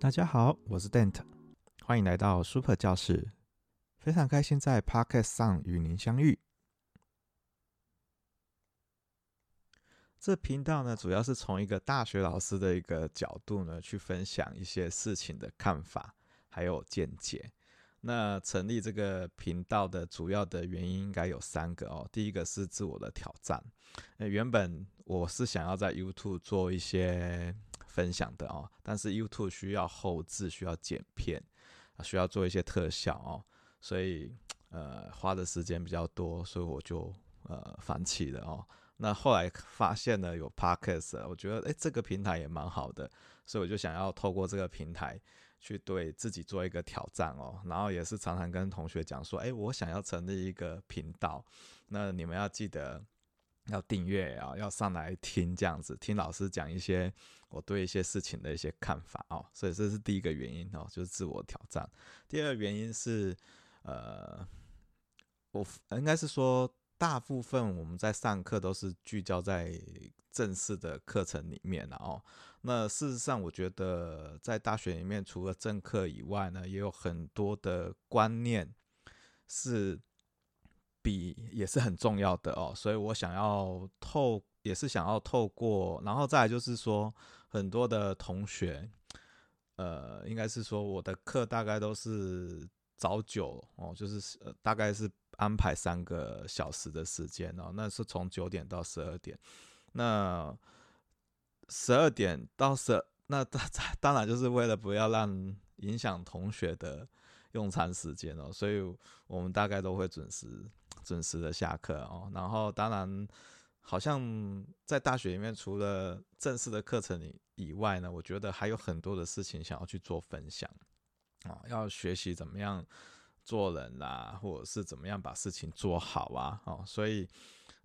大家好，我是 Dante，歡迎來到 Super 教室。非常開心在 Podcast 上與您相遇。這頻道呢，主要是從一個大學老師的一個角度呢，去分享一些事情的看法還有見解。那成立這個頻道的主要的原因應該有三個哦。第一個是自我的挑戰。那、呃、原本我是想要在 YouTube 做一些分享的哦，但是 YouTube 需要後置，需要剪片，需要做一些特效哦，所以呃花的時間比較多，所以我就呃放棄了哦。那後來發現呢有 p a r k a s 我覺得誒這個平台也蠻好的，所以我就想要透過這個平台去對自己做一個挑戰哦。然後也是常常跟同學講說，哎我想要成立一個頻道，那你們要記得。要訂閱啊，要上來聽這樣子，聽老師講一些我對一些事情的一些看法哦，所以這是第一個原因哦，就是自我挑戰。第二個原因是，呃，我應該是說，大部分我們在上課都是聚焦在正式的課程裡面了哦。那事實上，我覺得在大學裡面，除了正課以外呢，也有很多的觀念是。比也是很重要的哦，所以我想要透，也是想要透過，然後再來就是說，很多的同學，呃，應該是說我的課大概都是早九哦，就是、呃、大概是安排三個小時的時間哦，那是從九點到十二點，那十二點到十，那當當然就是為了不要讓影響同學的用餐時間哦，所以我們大概都會準時。準時的下課哦，然後當然，好像在大學裡面，除了正式的課程以外呢，我覺得還有很多的事情想要去做分享，哦，要學習怎麼樣做人啊，或者是怎麼樣把事情做好啊，哦，所以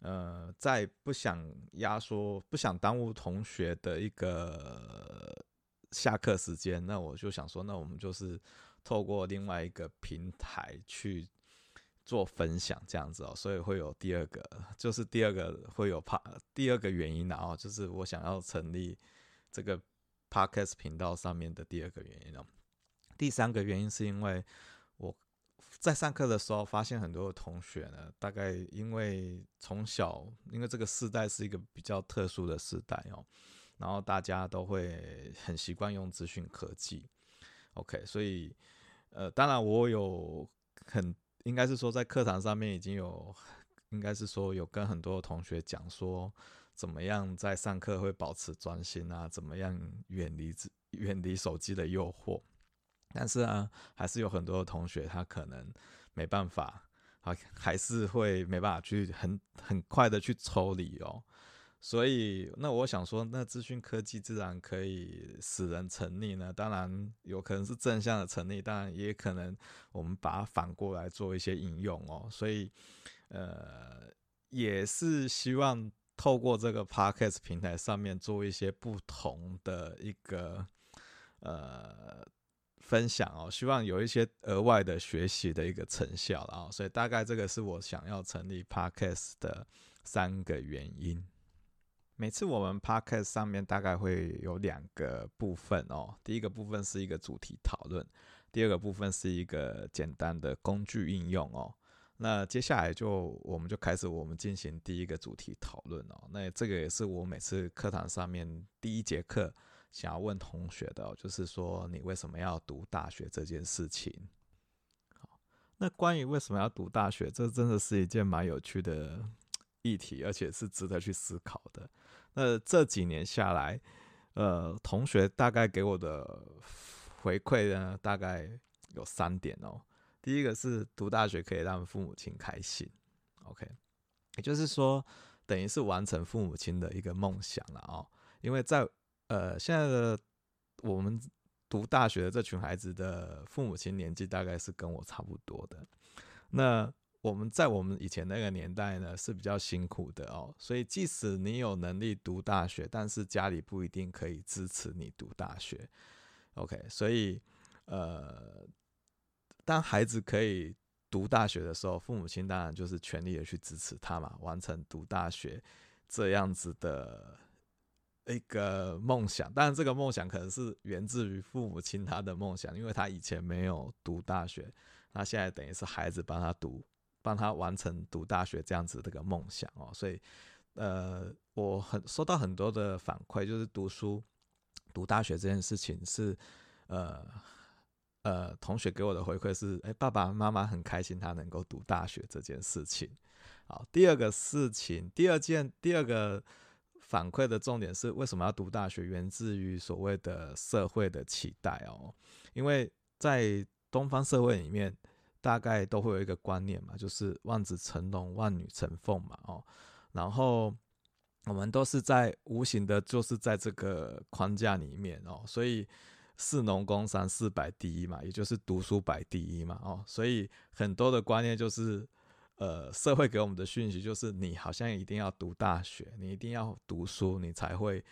呃，在不想壓縮、不想耽誤同學的一個下課時間，那我就想說，那我們就是透過另外一個平台去。做分享這樣子哦，所以會有第二個，就是第二個會有怕第二個原因啊、哦，就是我想要成立這個 Podcast 頻道上面的第二個原因哦、啊。第三個原因是因為我在上課的時候發現很多的同學呢，大概因為從小，因為這個時代是一個比較特殊的時代哦，然後大家都會很習慣用資訊科技，OK，所以呃，當然我有很應該是說在課堂上面已經有，應該是說有跟很多同學講說怎麼樣在上課會保持專心啊，怎麼樣遠離遠離手機的誘惑，但是啊，還是有很多同學他可能沒辦法，啊，還是會沒辦法去很很快的去抽離哦。所以，那我想說，那資訊科技自然可以使人沉溺呢。當然，有可能是正向的沉溺，當然也可能我們把它反過來做一些應用哦。所以，呃，也是希望透過這個 podcast 平台上面做一些不同的一個呃分享哦，希望有一些額外的學習的一個成效啊、哦。所以，大概這個是我想要成立 podcast 的三個原因。每次我們 podcast 上面大概會有兩個部分哦，第一個部分是一個主題討論，第二個部分是一個簡單的工具應用哦。那接下來就我們就開始我們進行第一個主題討論哦。那這個也是我每次課堂上面第一節課想要問同學的哦，就是說你為什麼要讀大學這件事情。好，那關於為什麼要讀大學，這真的是一件蠻有趣的議題，而且是值得去思考的。那，呃，這幾年下來，呃，同學大概給我的回饋呢，大概有三點哦。第一個是讀大學可以讓父母親開心，OK，也就是說，等於是完成父母親的一個夢想了哦。因為在呃現在的我們讀大學的這群孩子的父母親年紀大概是跟我差不多的，那。我們在我們以前那個年代呢，是比較辛苦的哦，所以即使你有能力讀大學，但是家裡不一定可以支持你讀大學。OK，所以呃，當孩子可以讀大學的時候，父母親當然就是全力的去支持他嘛，完成讀大學這樣子的一個夢想。但是這個夢想可能是源自於父母親他的夢想，因為他以前沒有讀大學，那現在等於是孩子幫他讀。幫他完成讀大學這樣子的一個夢想哦，所以，呃，我很收到很多的反饋，就是讀書、讀大學這件事情是，呃，呃，同學給我的回饋是，哎、欸，爸爸媽媽很開心他能夠讀大學這件事情。好，第二個事情，第二件，第二個反饋的重點是為什麼要讀大學，源自於所謂的社會的期待哦，因為在東方社會裡面。大概都會有一個觀念嘛，就是望子成龍、望女成鳳嘛，哦，然後我們都是在無形的，就是在這個框架裡面哦，所以士農工商四百第一嘛，也就是讀書百第一嘛，哦，所以很多的觀念就是，呃，社會給我們的訊息就是你好像一定要讀大學，你一定要讀書，你才會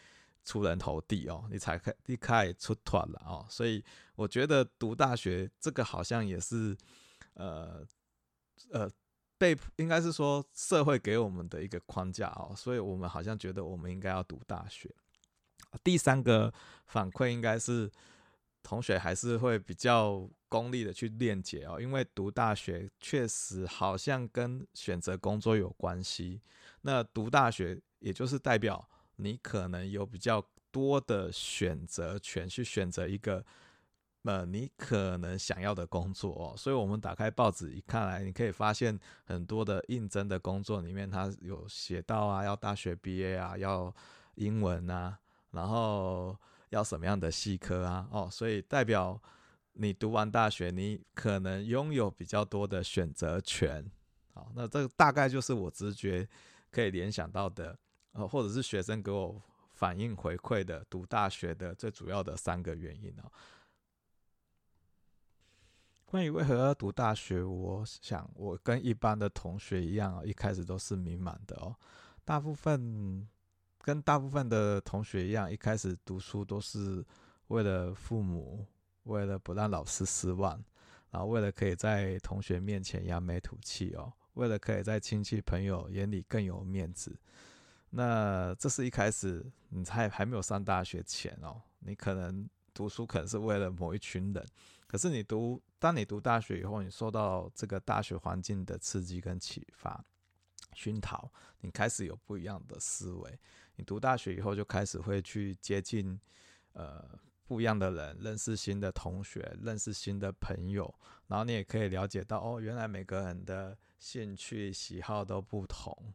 出人頭地哦，你才可一開出團了哦，所以我覺得讀大學這個好像也是。呃，呃，被應該是說社會給我們的一個框架哦，所以我們好像覺得我們應該要讀大學。第三個反饋應該是同學還是會比較功利的去鏈接哦，因為讀大學確實好像跟選擇工作有關係。那讀大學也就是代表你可能有比較多的選擇權去選擇一個。呃，你可能想要的工作哦，所以我們打開報紙一看來，你可以發現很多的應徵的工作裡面，它有寫到啊，要大學畢業啊，要英文啊，然後要什麼樣的系科啊，哦，所以代表你讀完大學，你可能擁有比較多的選擇權。好，哦，那這個大概就是我直覺可以聯想到的，哦，或者是學生給我反應回饋的讀大學的最主要的三個原因啊，哦。關於為何要讀大學，我想我跟一般的同學一樣，一開始都是迷茫的哦。大部分跟大部分的同學一樣，一開始讀書都是為了父母，為了不讓老師失望，然後為了可以在同學面前揚眉吐氣哦，為了可以在親戚朋友眼裡更有面子。那這是一開始你還還沒有上大學前哦，你可能讀書可能是為了某一群人。可是你讀，當你讀大學以後，你受到這個大學環境的刺激跟啟發、熏陶，你開始有不一樣的思維。你讀大學以後，就開始會去接近呃不一樣的人，認識新的同學，認識新的朋友，然後你也可以了解到，哦，原來每個人的興趣喜好都不同，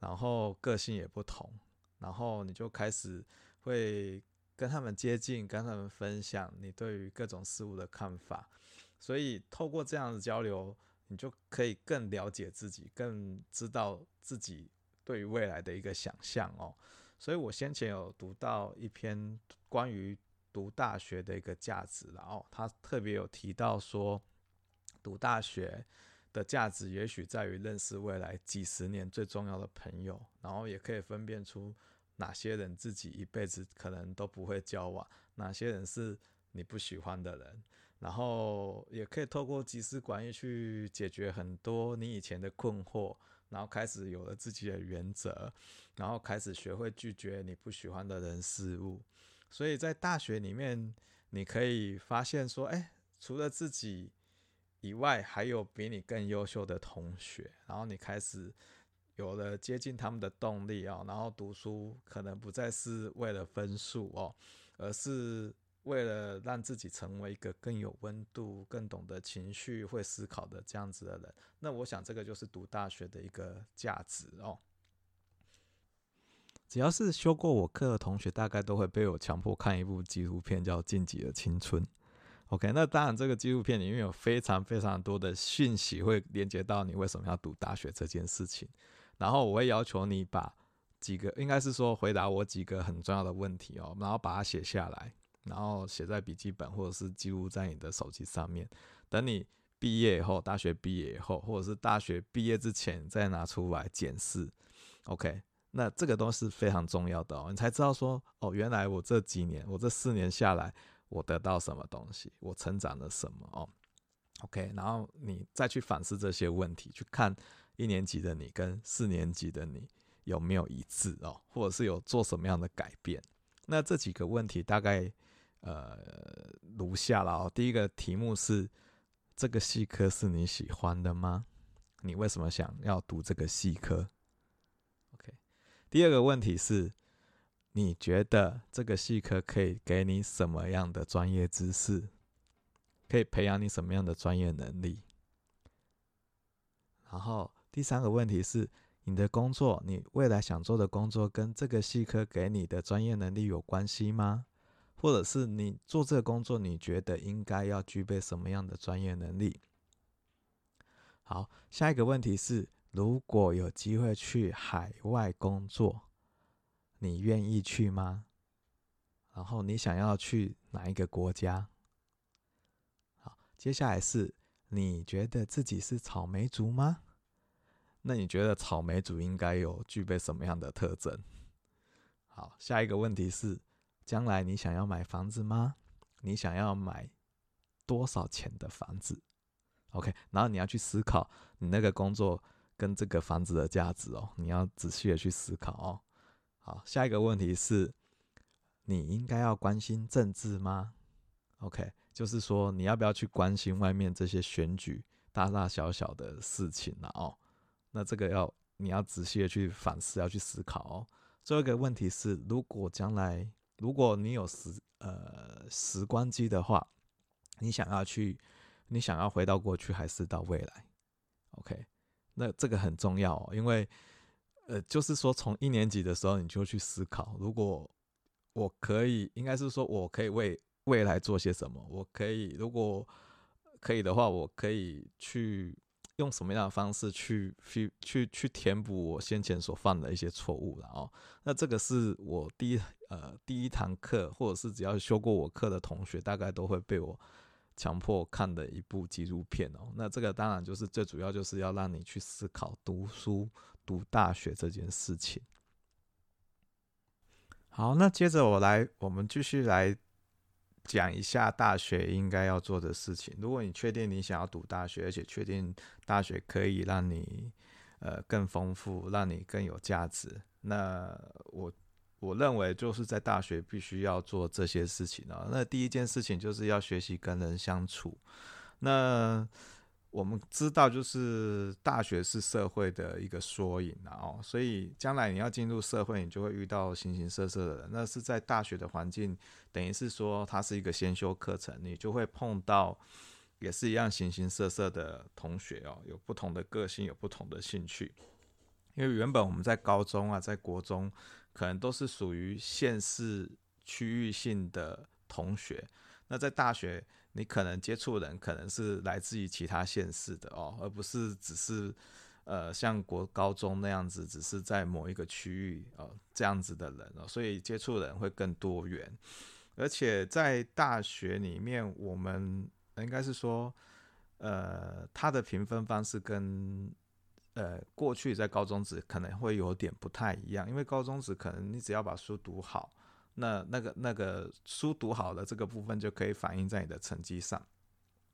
然後個性也不同，然後你就開始會。跟他們接近，跟他們分享你對於各種事物的看法，所以透過這樣的交流，你就可以更了解自己，更知道自己對於未來的一個想象哦。所以我先前有讀到一篇關於讀大學的一個價值，然後他特別有提到說，讀大學的價值也許在於認識未來幾十年最重要的朋友，然後也可以分辨出。哪些人自己一輩子可能都不會交往，哪些人是你不喜歡的人，然後也可以透過及時管理去解決很多你以前的困惑，然後開始有了自己的原則，然後開始學會拒絕你不喜歡的人事物。所以在大學裡面，你可以發現說，誒，除了自己以外，還有比你更優秀的同學，然後你開始。有了接近他們的動力哦，然後讀書可能不再是為了分數哦，而是為了讓自己成為一個更有溫度、更懂得情緒、會思考的這樣子的人。那我想這個就是讀大學的一個價值哦。只要是修過我課的同學，大概都會被我強迫看一部紀錄片，叫《晉級的青春》。OK，那當然這個紀錄片裡面有非常非常多的訊息會連接到你為什麼要讀大學這件事情。然後我會要求你把幾個，應該是說回答我幾個很重要的問題哦，然後把它寫下來，然後寫在筆記本或者是記錄在你的手機上面。等你畢業以後，大學畢業以後，或者是大學畢業之前，再拿出來檢視。OK，那這個都是非常重要的哦，你才知道說哦，原來我這幾年，我這四年下來，我得到什麼東西，我成長了什麼哦。OK，然後你再去反思這些問題，去看。一年級的你跟四年級的你有沒有一致哦？或者是有做什麼樣的改變？那這幾個問題大概呃如下了哦。第一個題目是：這個系科是你喜歡的嗎？你為什麼想要讀這個系科？OK。第二個問題是：你覺得這個系科可以給你什麼樣的專業知識？可以培養你什麼樣的專業能力？然後。第三個問題是：你的工作，你未來想做的工作跟這個系科給你的專業能力有關係嗎？或者是你做這個工作，你覺得應該要具備什麼樣的專業能力？好，下一個問題是：如果有機會去海外工作，你願意去嗎？然後你想要去哪一個國家？好，接下來是你覺得自己是草莓族嗎？那你覺得草莓族應該有具備什麼樣的特徵？好，下一個問題是：將來你想要買房子嗎？你想要買多少錢的房子？OK，然後你要去思考你那個工作跟這個房子的價值哦，你要仔細的去思考哦。好，下一個問題是：你應該要關心政治嗎？OK，就是說你要不要去關心外面這些選舉大大小小的事情了啊哦。那這個要你要仔細的去反思，要去思考哦。最後一個問題是，如果將來如果你有時呃時光機的話，你想要去，你想要回到過去還是到未來？OK，那這個很重要哦，因為呃，就是說從一年級的時候你就去思考，如果我可以，應該是說我可以為未來做些什麼。我可以，如果可以的話，我可以去。用什麼樣的方式去去去去填補我先前所犯的一些錯誤了哦。那這個是我第一呃第一堂課，或者是只要修過我課的同學，大概都會被我強迫看的一部紀錄片哦。那這個當然就是最主要就是要讓你去思考讀書、讀大學這件事情。好，那接着我來，我們繼續來。講一下大學應該要做的事情。如果你確定你想要讀大學，而且確定大學可以讓你呃更豐富，讓你更有價值，那我我認為就是在大學必須要做這些事情啊。那第一件事情就是要學習跟人相處，那。我們知道，就是大學是社會的一個縮影，然後，所以將來你要進入社會，你就會遇到形形色色的人。那是在大學的環境，等於是說它是一個先修課程，你就會碰到也是一樣形形色色的同學哦，有不同的個性，有不同的興趣。因為原本我們在高中啊，在國中，可能都是屬於縣市區域性的同學，那在大學。你可能接觸人可能是來自於其他縣市的哦，而不是只是，呃，像國高中那樣子，只是在某一個區域哦，呃，這樣子的人哦，所以接觸人會更多元，而且在大學裡面，我們應該是說，呃，他的評分方式跟，呃，過去在高中時可能會有點不太一樣，因為高中時可能你只要把書讀好。那那個那個書讀好了，這個部分就可以反映在你的成績上。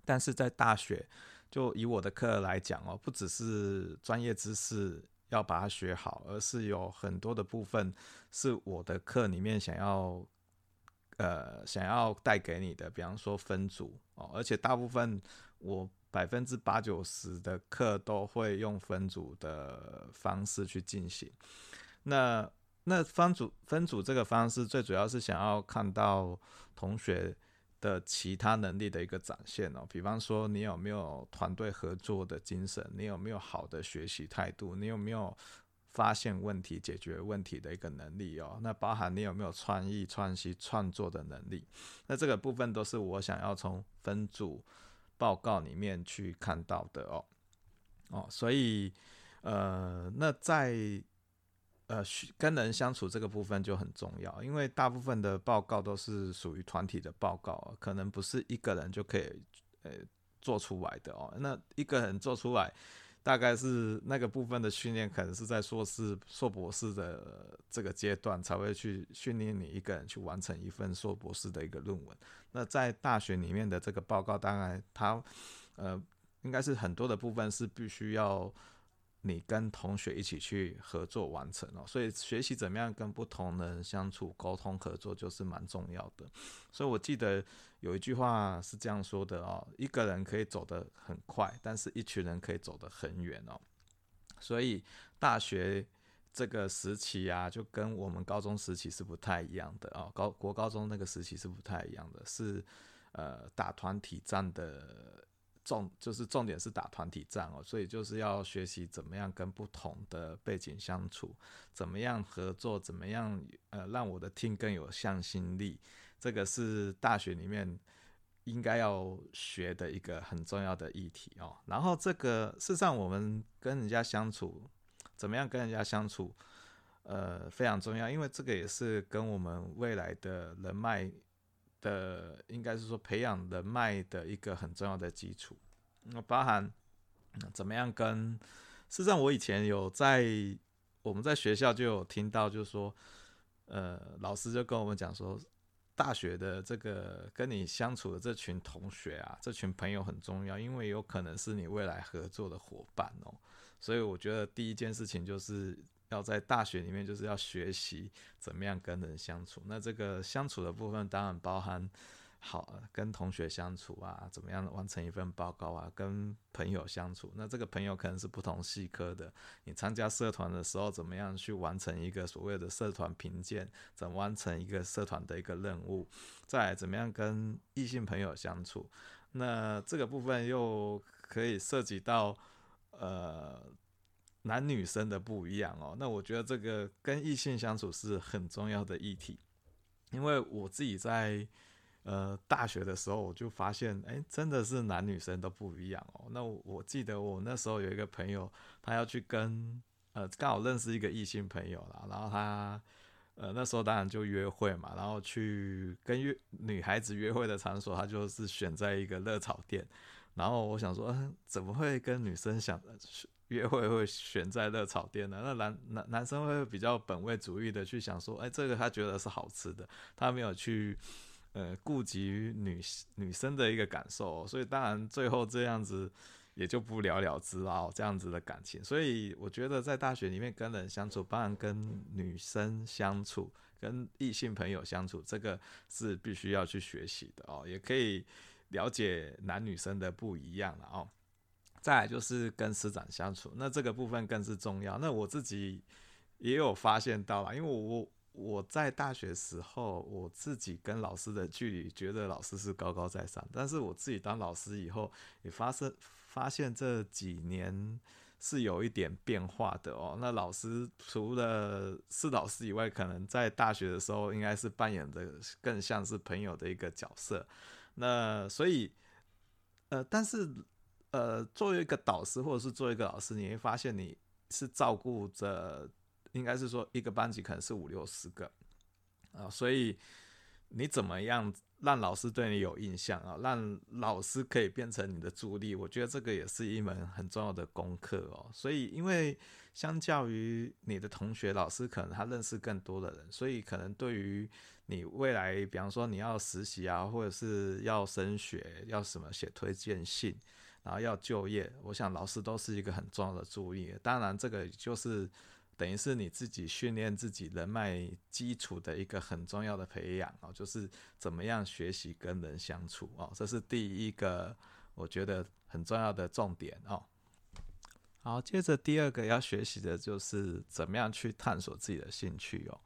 但是在大學，就以我的課來講哦，不只是專業知識要把它學好，而是有很多的部分是我的課裡面想要呃想要帶給你的。比方說分組哦，而且大部分我百分之八九十的課都會用分組的方式去進行。那那分組分組這個方式最主要是想要看到同學的其他能力的一個展現哦，比方說你有沒有團隊合作的精神，你有沒有好的學習態度，你有沒有發現問題、解決問題的一個能力哦，那包含你有沒有創意、創新、創作的能力，那這個部分都是我想要從分組報告裡面去看到的哦哦，所以呃，那在。呃，跟人相處這個部分就很重要，因為大部分的報告都是屬於團體的報告，可能不是一個人就可以呃、欸、做出來的哦。那一個人做出來，大概是那個部分的訓練，可能是在碩士、碩博士的這個階段才會去訓練你一個人去完成一份碩博士的一個論文。那在大學裡面的這個報告，當然它，它呃，應該是很多的部分是必須要。你跟同學一起去合作完成哦，所以學習怎麼樣跟不同的人相處、溝通、合作就是蠻重要的。所以我記得有一句話是這樣說的哦：一個人可以走得很快，但是一群人可以走得很遠哦。所以大學這個時期啊，就跟我們高中時期是不太一樣的哦。高國高中那個時期是不太一樣的，是呃打團體戰的。重就是重點是打團體戰哦，所以就是要學習怎麼樣跟不同的背景相處，怎麼樣合作，怎麼樣呃讓我的 team 更有向心力，這個是大學裡面應該要學的一個很重要的議題哦。然後這個事實上我們跟人家相處，怎麼樣跟人家相處，呃非常重要，因為這個也是跟我們未來的人脈。的應該是說培養人脈的一個很重要的基礎，那包含怎麼樣跟，實際上我以前有在我們在學校就有聽到，就是說，呃，老師就跟我們講說，大學的這個跟你相處的這群同學啊，這群朋友很重要，因為有可能是你未來合作的夥伴哦，所以我覺得第一件事情就是。要在大學裡面，就是要學習怎麼樣跟人相處。那這個相處的部分，當然包含好跟同學相處啊，怎麼樣完成一份報告啊，跟朋友相處。那這個朋友可能是不同系科的。你參加社團的時候，怎麼樣去完成一個所謂的社團評鑑？怎麼完成一個社團的一個任務？再怎麼樣跟異性朋友相處？那這個部分又可以涉及到呃。男女生的不一樣哦，那我覺得這個跟異性相處是很重要的議題，因為我自己在呃大學的時候我就發現，誒、欸，真的是男女生都不一樣哦。那我，我記得我那時候有一個朋友，他要去跟呃剛好認識一個異性朋友了，然後他呃那時候當然就約會嘛，然後去跟約女孩子約會的場所，他就是選在一個熱炒店。然後我想說，怎麼會跟女生想約會會選在熱炒店呢？那男男男生會比較本位主義的去想說，哎，這個他覺得是好吃的，他沒有去，呃，顧及女女生的一個感受哦，所以當然最後這樣子也就不了了之啊哦，這樣子的感情。所以我覺得在大學裡面跟人相處，當然跟女生相處、跟異性朋友相處，這個是必須要去學習的哦，也可以了解男女生的不一樣了哦，再來就是跟師長相處，那這個部分更是重要。那我自己也有發現到啦。因為我我在大學時候，我自己跟老師的距離，覺得老師是高高在上，但是我自己當老師以後，也發生發現這幾年是有一點變化的哦。那老師除了是老師以外，可能在大學的時候，應該是扮演著更像是朋友的一個角色。那所以，呃，但是，呃，作為一個導師或者是作為一個老師，你會發現你是照顧着，應該是說一個班級可能是五六十個，啊，所以你怎麼樣？讓老師對你有印象啊，讓老師可以變成你的助力，我覺得這個也是一門很重要的功課哦。所以，因為相較於你的同學，老師可能他認識更多的人，所以可能對於你未來，比方說你要實習啊，或者是要升學，要什麼寫推薦信，然後要就業，我想老師都是一個很重要的助力。當然，這個就是。等於是你自己訓練自己人脈基礎的一個很重要的培養哦，就是怎麼樣學習跟人相處哦，這是第一個我覺得很重要的重點哦。好，接着第二個要學習的就是怎麼樣去探索自己的興趣哦。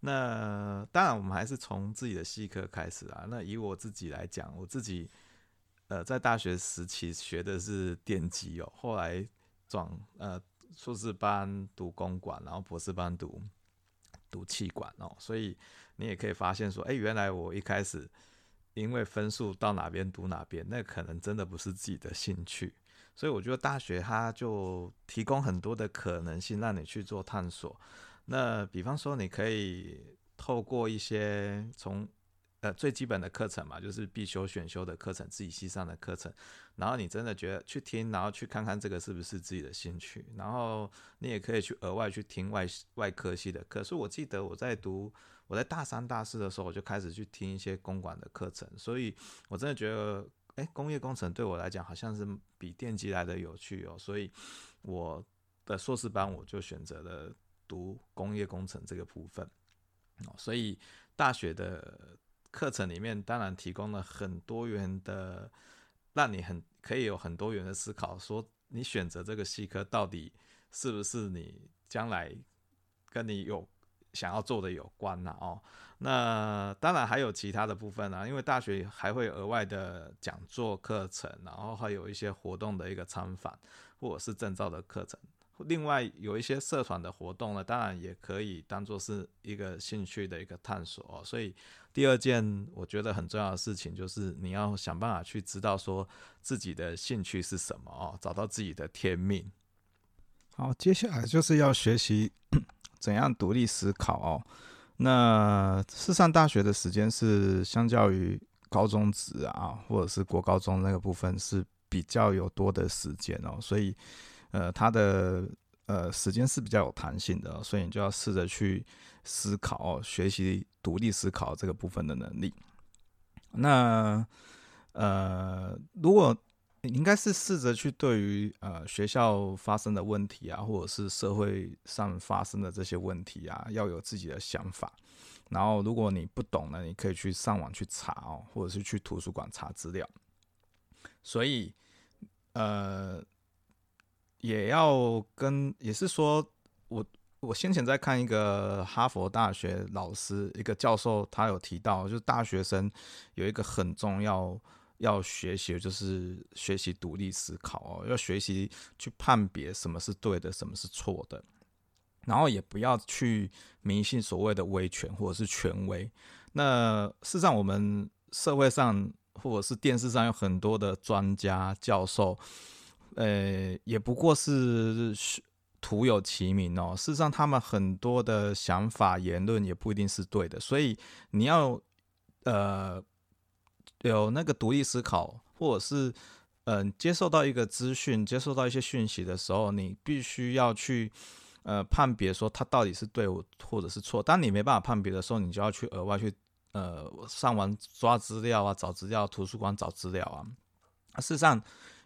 那當然，我們還是從自己的系科開始啊。那以我自己來講，我自己呃在大學時期學的是電機哦，後來轉呃。碩士班讀公管，然後博士班讀讀氣管哦，所以你也可以發現說，哎、欸，原來我一開始因為分數到哪邊讀哪邊，那可能真的不是自己的興趣，所以我覺得大學它就提供很多的可能性讓你去做探索。那比方說，你可以透過一些從呃，最基本的課程嘛，就是必修、選修的課程，自己系上的課程。然後你真的覺得去聽，然後去看看這個是不是自己的興趣。然後你也可以去額外去聽外外科系的。所以我記得我在讀我在大三、大四的時候，我就開始去聽一些公管的課程。所以我真的覺得，哎、欸，工業工程對我來講好像是比電機來的有趣哦。所以我的碩士班我就選擇了讀工業工程這個部分。哦，所以大學的。課程裡面當然提供了很多元的，讓你很可以有很多元的思考，說你選擇這個系科到底是不是你將來跟你有想要做的有關啊？哦，那當然還有其他的部分啊，因為大學還會額外的講座課程，然後還有一些活動的一個參訪，或者是證照的課程。另外有一些社團的活動呢，當然也可以當做是一個興趣的一個探索哦。所以第二件我覺得很重要的事情就是你要想辦法去知道說自己的興趣是什麼哦，找到自己的天命。好，接下來就是要學習怎樣獨立思考哦。那是上大學的時間是相較於高中職啊，或者是國高中那個部分是比較有多的時間哦，所以。呃，它的呃時間是比較有彈性的哦，所以你就要試着去思考哦，學習獨立思考這個部分的能力。那呃，如果你應該是試着去對於呃學校發生的問題啊，或者是社會上發生的這些問題啊，要有自己的想法。然後，如果你不懂呢，你可以去上網去查哦，或者是去圖書館查資料。所以，呃。也要跟，也是說我，我我先前在看一個哈佛大學老師，一個教授，他有提到，就是大學生有一個很重要要學習，就是學習獨立思考哦，要學習去判別什麼是對的，什麼是錯的，然後也不要去迷信所謂的威權或者是權威。那事實上，我們社會上或者是電視上有很多的專家教授。呃，也不過是徒有其名哦。事實上，他們很多的想法、言論也不一定是對的。所以，你要呃有那個獨立思考，或者是嗯、呃、接受到一個資訊、接受到一些訊息的時候，你必須要去呃判別說他到底是對或者是錯。當你沒辦法判別的時候，你就要去額外去呃上網抓資料啊，找資料，圖書館找資料啊。事實上。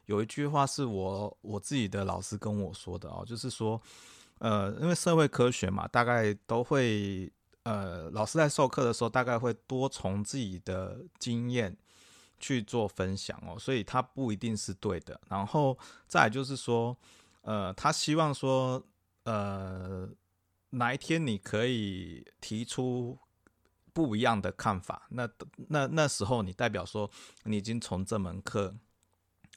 有一句話是我我自己的老師跟我說的哦，就是說，呃，因為社會科學嘛，大概都會呃，老師在授課的時候大概會多從自己的經驗去做分享哦，所以他不一定是對的。然後再來就是說，呃，他希望說，呃，哪一天你可以提出不一樣的看法，那那那時候你代表說你已經從這門課。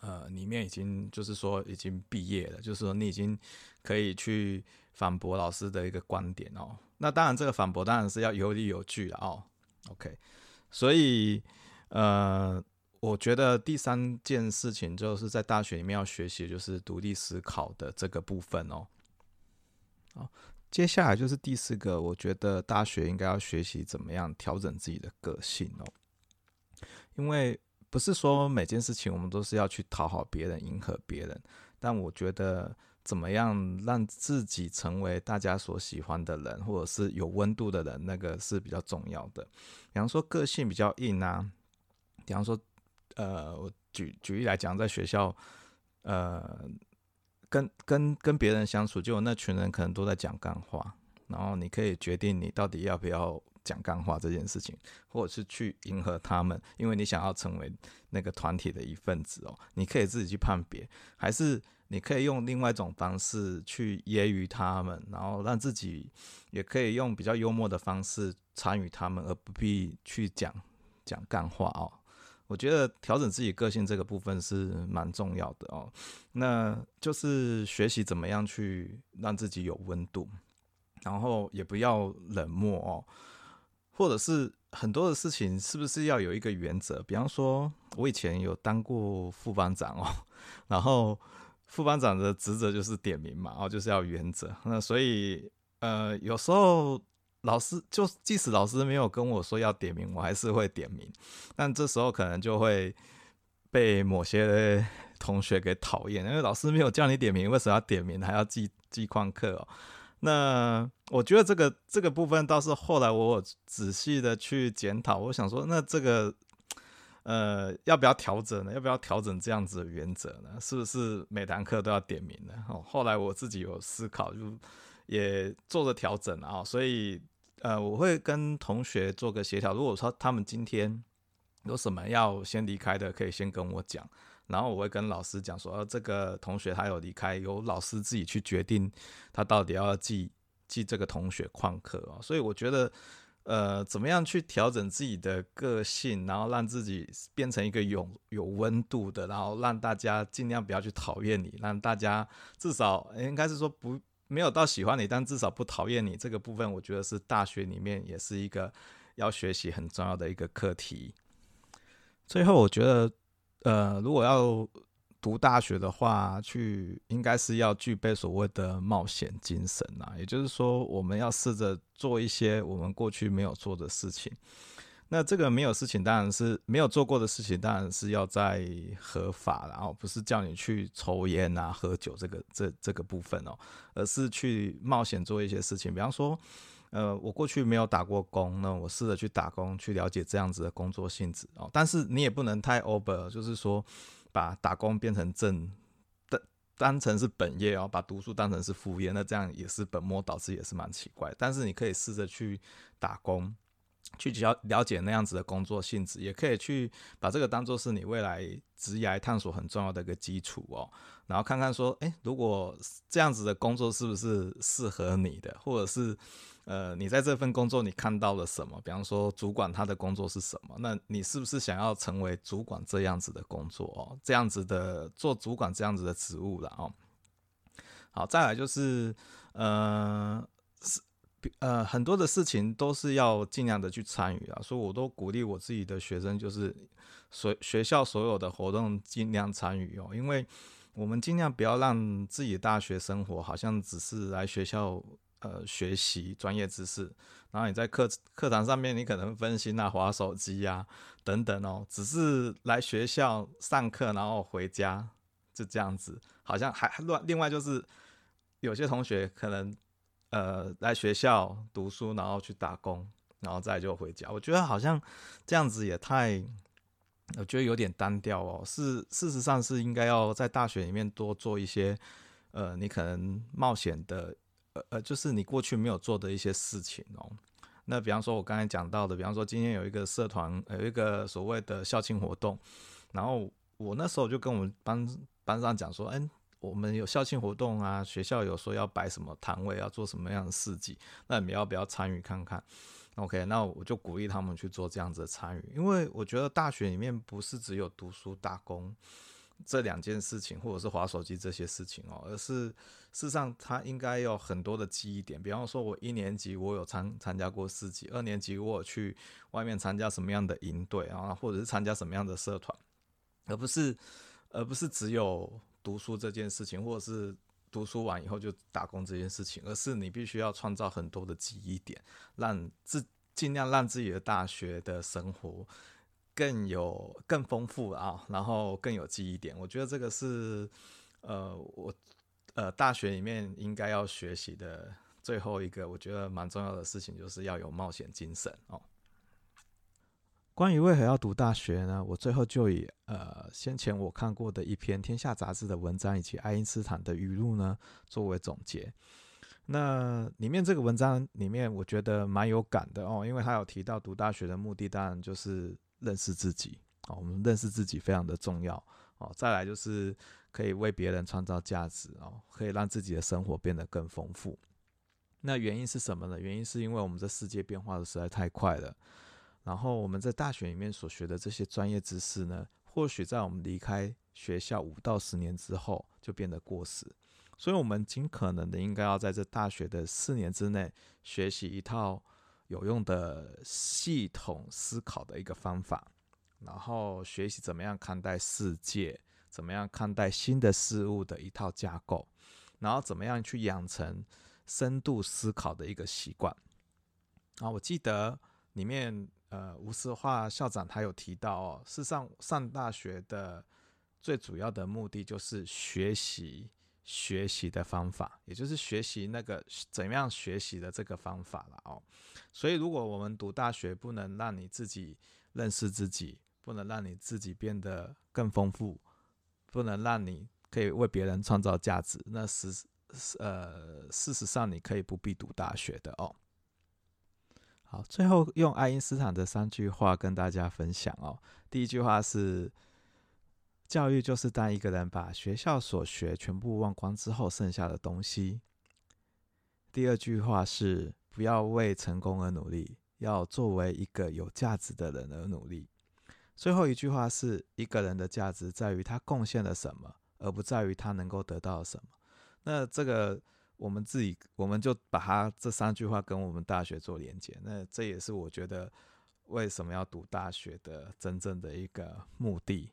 呃，裡面已經就是說已經畢業了，就是說你已經可以去反駁老師的一個觀點哦。那當然，這個反駁當然是要有理有據的哦。OK，所以呃，我覺得第三件事情就是在大學裡面要學習的就是獨立思考的這個部分哦。接下來就是第四個，我覺得大學應該要學習怎麼樣調整自己的個性哦，因為。不是說每件事情我們都是要去討好別人、迎合別人，但我覺得怎麼樣讓自己成為大家所喜歡的人，或者是有溫度的人，那個是比較重要的。比方說個性比較硬啊，比方說，呃，我舉舉例來講，在學校，呃，跟跟跟別人相處，就那群人可能都在講幹話，然後你可以決定你到底要不要講幹話這件事情，或者是去迎合他們，因為你想要成為那個團體的一份子哦，你可以自己去判別，還是你可以用另外一種方式去揶揄他們，然後讓自己也可以用比較幽默的方式參與他們，而不必去講講幹話哦。我覺得調整自己個性這個部分是蠻重要的哦，那就是學習怎麼樣去讓自己有溫度，然後也不要冷漠哦。或者是很多的事情，是不是要有一個原則？比方說，我以前有當過副班長哦，然後副班長的職責就是點名嘛，哦，就是要原則。那所以，呃，有時候老師就即使老師沒有跟我說要點名，我還是會點名。但這時候可能就會被某些同學給討厭，因為老師沒有叫你點名，為什麼要點名？還要記記曠課哦？那我覺得這個這個部分倒是後來我仔細的去檢討，我想說，那這個呃要不要調整呢？要不要調整這樣子的原則呢？是不是每堂課都要點名呢？哦，後來我自己有思考，就也做了調整啊。所以呃，我會跟同學做個協調。如果說他們今天有什麼要先離開的，可以先跟我講。然後我會跟老師講說，呃，這個同學他有離開，由老師自己去決定他到底要記記這個同學曠課哦，所以我覺得，呃，怎麼樣去調整自己的個性，然後讓自己變成一個有有溫度的，然後讓大家盡量不要去討厭你，讓大家至少應該是說不沒有到喜歡你，但至少不討厭你這個部分，我覺得是大學裡面也是一個要學習很重要的一個課題。最後，我覺得。呃，如果要讀大學的話，去應該是要具備所謂的冒險精神吶。也就是說，我們要試着做一些我們過去沒有做的事情。那這個沒有事情，當然是沒有做過的事情，當然是要在合法，然後不是叫你去抽煙啊、喝酒這個這這個部分喔，而是去冒險做一些事情，比方說。呃，我過去沒有打過工，那我試着去打工，去了解這樣子的工作性質哦、喔。但是你也不能太 over，就是說把打工變成正，當當成是本業哦、喔，把讀書當成是副業，那這樣也是本末倒置，也是蠻奇怪。但是你可以試着去打工，去了了解那樣子的工作性質，也可以去把這個當做是你未來職業探索很重要的一個基礎哦、喔。然後看看說，哎、欸，如果這樣子的工作是不是適合你的，或者是。呃，你在這份工作你看到了什麼？比方說，主管他的工作是什麼？那你是不是想要成為主管這樣子的工作哦？這樣子的做主管這樣子的職務了哦。好，再來就是呃，是呃，很多的事情都是要盡量的去參與啊。所以我都鼓勵我自己的學生，就是所學校所有的活動盡量參與哦，因為我們盡量不要讓自己的大學生活好像只是來學校，呃，學習專業知識，然後你在課課堂上面，你可能分心啊，滑手機啊，等等哦。只是來學校上課，然後回家就這樣子，好像還還亂。另外就是有些同學可能呃來學校讀書，然後去打工，然後再就回家。我覺得好像這樣子也太，我覺得有點單調哦。是事實上是應該要在大學裡面多做一些，呃，你可能冒險的。呃呃，就是你過去沒有做的一些事情哦。那比方說，我剛才講到的，比方說今天有一個社團，有一個所謂的校慶活動，然後我那時候就跟我們班班上講說，嗯、欸、我們有校慶活動啊，學校有說要擺什麼攤位，要做什麼樣的事跡，那你們要不要參與看看？OK，那我就鼓勵他們去做這樣子的參與，因為我覺得大學裡面不是只有讀書打工。這兩件事情，或者是滑手機這些事情哦，而是事實上他應該有很多的記憶點，比方說我一年級我有參參加過四級，二年級我有去外面參加什麼樣的營隊啊，或者是參加什麼樣的社團，而不是而不是只有讀書這件事情，或者是讀書完以後就打工這件事情，而是你必須要創造很多的記憶點，讓自盡量讓自己的大學的生活，更有更豐富啊，然後更有記憶點。我覺得這個是呃，我呃大學裡面應該要學習的最後一個，我覺得蠻重要的事情就是要有冒險精神哦。關於為何要讀大學呢？我最後就以呃先前我看過的一篇《天下》雜誌的文章以及愛因斯坦的語錄呢作為總結。那裡面這個文章裡面，我覺得蠻有感的哦，因為他有提到讀大學的目的，當然就是。認識自己啊，我們認識自己非常的重要啊。再來就是可以為別人創造價值啊，可以讓自己的生活變得更豐富。那原因是什麼呢？原因是因為我們這世界變化的實在太快了，然後我們在大學裡面所學的這些專業知識呢，或許在我們離開學校五到十年之後就變得過時。所以，我們盡可能的應該要在這大學的四年之內學習一套。有用的系統思考的一個方法，然後學習怎麼樣看待世界，怎麼樣看待新的事物的一套架構，然後怎麼樣去養成深度思考的一個習慣。啊，我記得裡面呃，吳思華校長他有提到哦，是上上大學的最主要的目的就是學習。學習的方法，也就是學習那個怎樣學習的這個方法了哦。所以，如果我們讀大學不能讓你自己認識自己，不能讓你自己變得更豐富，不能讓你可以為別人創造價值，那實呃，事實上你可以不必讀大學的哦。好，最後用愛因斯坦的三句話跟大家分享哦。第一句話是。教育就是當一個人把學校所學全部忘光之後剩下的東西。第二句話是：不要為成功而努力，要作為一個有價值的人而努力。最後一句話是，一個人的價值在於他貢獻了什麼，而不在於他能夠得到什麼。那這個我們自己，我們就把它這三句話跟我們大學做連接。那這也是我覺得為什麼要讀大學的真正的一個目的。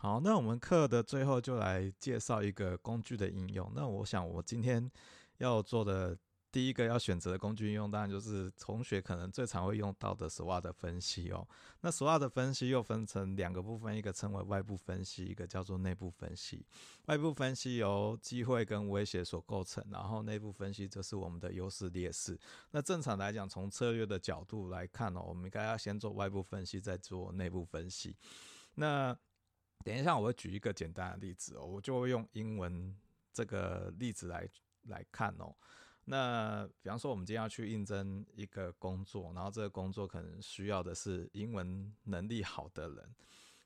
好，那我們課的最後就來介紹一個工具的應用。那我想，我今天要做的第一個要選擇的工具應用，當然就是同學可能最常會用到的 SWOT 分析哦。那 SWOT 分析又分成兩個部分，一個稱為外部分析，一個叫做內部分析。外部分析由機會跟威脅所構成，然後內部分析就是我們的優勢劣勢。那正常來講，從策略的角度來看哦，我們應該要先做外部分析，再做內部分析。那等一下，我會舉一個簡單的例子哦，我就會用英文這個例子來來看哦。那比方說，我們今天要去應徵一個工作，然後這個工作可能需要的是英文能力好的人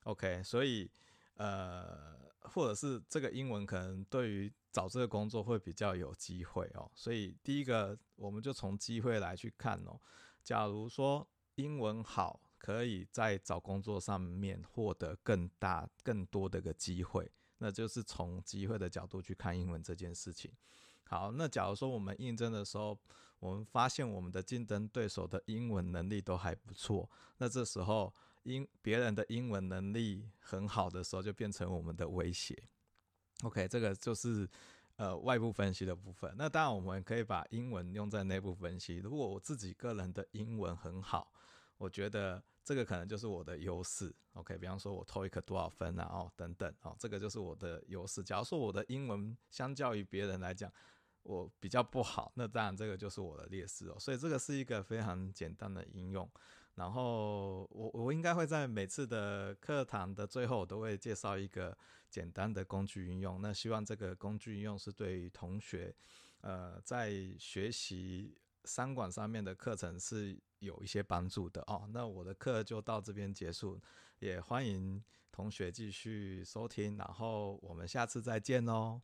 ，OK？所以，呃，或者是這個英文可能對於找這個工作會比較有機會哦。所以，第一個我們就從機會來去看哦。假如說英文好。可以在找工作上面獲得更大、更多的一個機會，那就是從機會的角度去看英文這件事情。好，那假如說我們應徵的時候，我們發現我們的競爭對手的英文能力都還不錯，那這時候因別人的英文能力很好的時候，就變成我們的威脅。OK，這個就是呃外部分析的部分。那當然我們可以把英文用在內部分析。如果我自己個人的英文很好，我覺得。這個可能就是我的優勢，OK，比方說我 TOEIC 多少分，啊？哦，等等哦，這個就是我的優勢。假如說我的英文相較於別人來講，我比較不好，那當然這個就是我的劣勢哦。所以這個是一個非常簡單的應用。然後我我應該會在每次的課堂的最後，我都會介紹一個簡單的工具應用。那希望這個工具應用是對於同學，呃，在學習。商管上面的課程是有一些幫助的哦，那我的課就到這邊結束，也歡迎同學繼續收聽，然後我們下次再見哦。